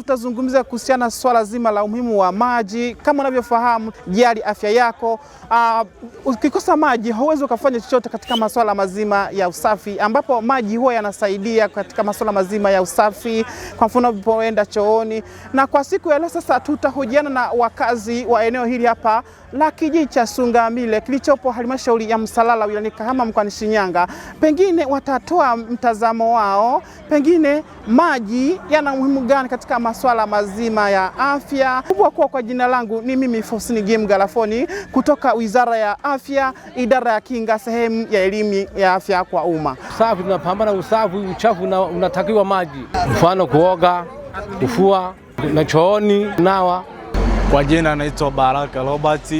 Tutazungumza kuhusiana swala zima la umuhimu wa maji. Kama unavyofahamu, jali afya yako. Ah, ukikosa maji hauwezi ukafanya chochote katika masuala mazima ya usafi, ambapo maji huwa yanasaidia katika masuala mazima ya usafi, kwa mfano unapoenda chooni. Na kwa siku ya leo sasa tutahojiana na wakazi wa eneo hili hapa la kijiji cha Sungamile kilichopo halmashauri ya Msalala wilayani Kahama mkoani Shinyanga, pengine watatoa mtazamo wao Pengine maji yana umuhimu gani katika masuala mazima ya afya? Kubwa kuwa kwa jina langu ni mimi Fosni Gim Galafoni kutoka Wizara ya Afya, Idara ya Kinga, sehemu ya elimu ya afya kwa umma. Safi, tunapambana usafi, uchafu unatakiwa maji, mfano kuoga, kufua na chooni, nawa. Kwa jina anaitwa Baraka Robert,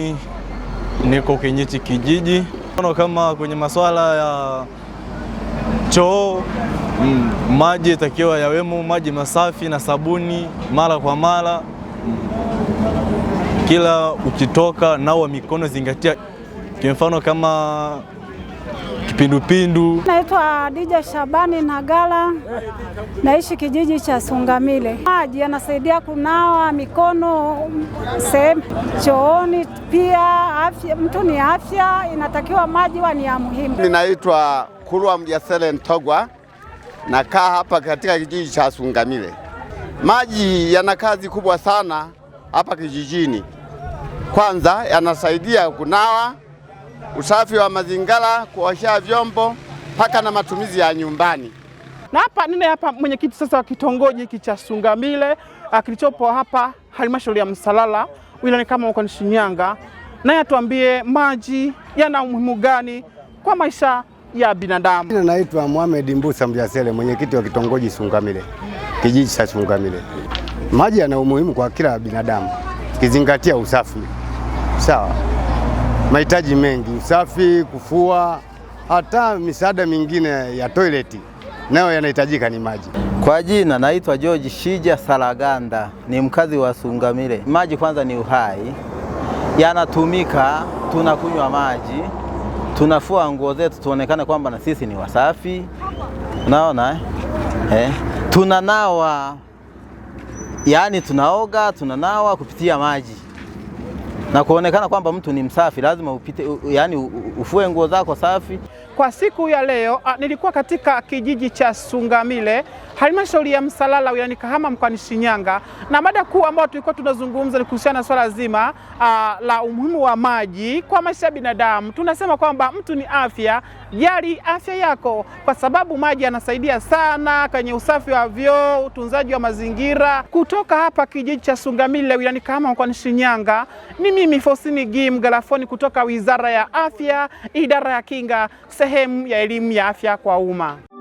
niko Kinyiti kijiji. Kama kwenye masuala ya choo, maji takiwa yawemo maji masafi na sabuni mara kwa mara. Kila ukitoka nawa mikono, zingatia kwa mfano kama kipindupindu. Naitwa Dija Shabani Nagala, naishi kijiji cha Sungamile. Maji yanasaidia kunawa mikono sehemu chooni, pia afya, mtu ni afya, inatakiwa maji wa ni ya muhimu. Ninaitwa Kulwa Mjasele Ntogwa, nakaa hapa katika kijiji cha Sungamile. Maji yana kazi kubwa sana hapa kijijini. Kwanza yanasaidia kunawa, usafi wa mazingira, kuosha vyombo mpaka na matumizi ya nyumbani. Na hapa nine hapa mwenyekiti sasa wa kitongoji hiki cha Sungamile ah, kilichopo hapa halmashauri ya Msalala wilayani kama mkoani Shinyanga, naye atuambie maji yana umuhimu gani kwa maisha ya binadamu. Naitwa Mohamed Mbusa Mjasele, mwenyekiti wa kitongoji Sungamile, kijiji cha Sungamile. Maji yana umuhimu kwa kila binadamu, ukizingatia usafi, sawa, mahitaji mengi, usafi, kufua, hata misaada mingine ya toileti nayo yanahitajika ni maji. Kwa jina naitwa George Shija Saraganda, ni mkazi wa Sungamile. Maji kwanza ni uhai, yanatumika, tunakunywa maji tunafua nguo zetu tuonekane kwamba na sisi ni wasafi, unaona eh? eh? Tunanawa, yaani tunaoga, tunanawa kupitia maji na kuonekana kwamba mtu ni msafi, lazima upite, yaani ufue nguo zako safi kwa siku ya leo a, nilikuwa katika kijiji cha Sungamile halmashauri ya Msalala wilayani Kahama mkoani Shinyanga, na mada kuu ambayo tulikuwa tunazungumza ni kuhusiana na swala zima a, la umuhimu wa maji kwa maisha ya binadamu. Tunasema kwamba mtu ni afya, jali afya yako, kwa sababu maji yanasaidia sana kwenye usafi wa vyoo, utunzaji wa mazingira. Kutoka hapa kijiji cha Sungamile wilayani Kahama mkoani Shinyanga, ni mimi Fosini Gim Galafoni kutoka Wizara ya Afya, Idara ya Kinga sehemu ya elimu ya afya kwa umma.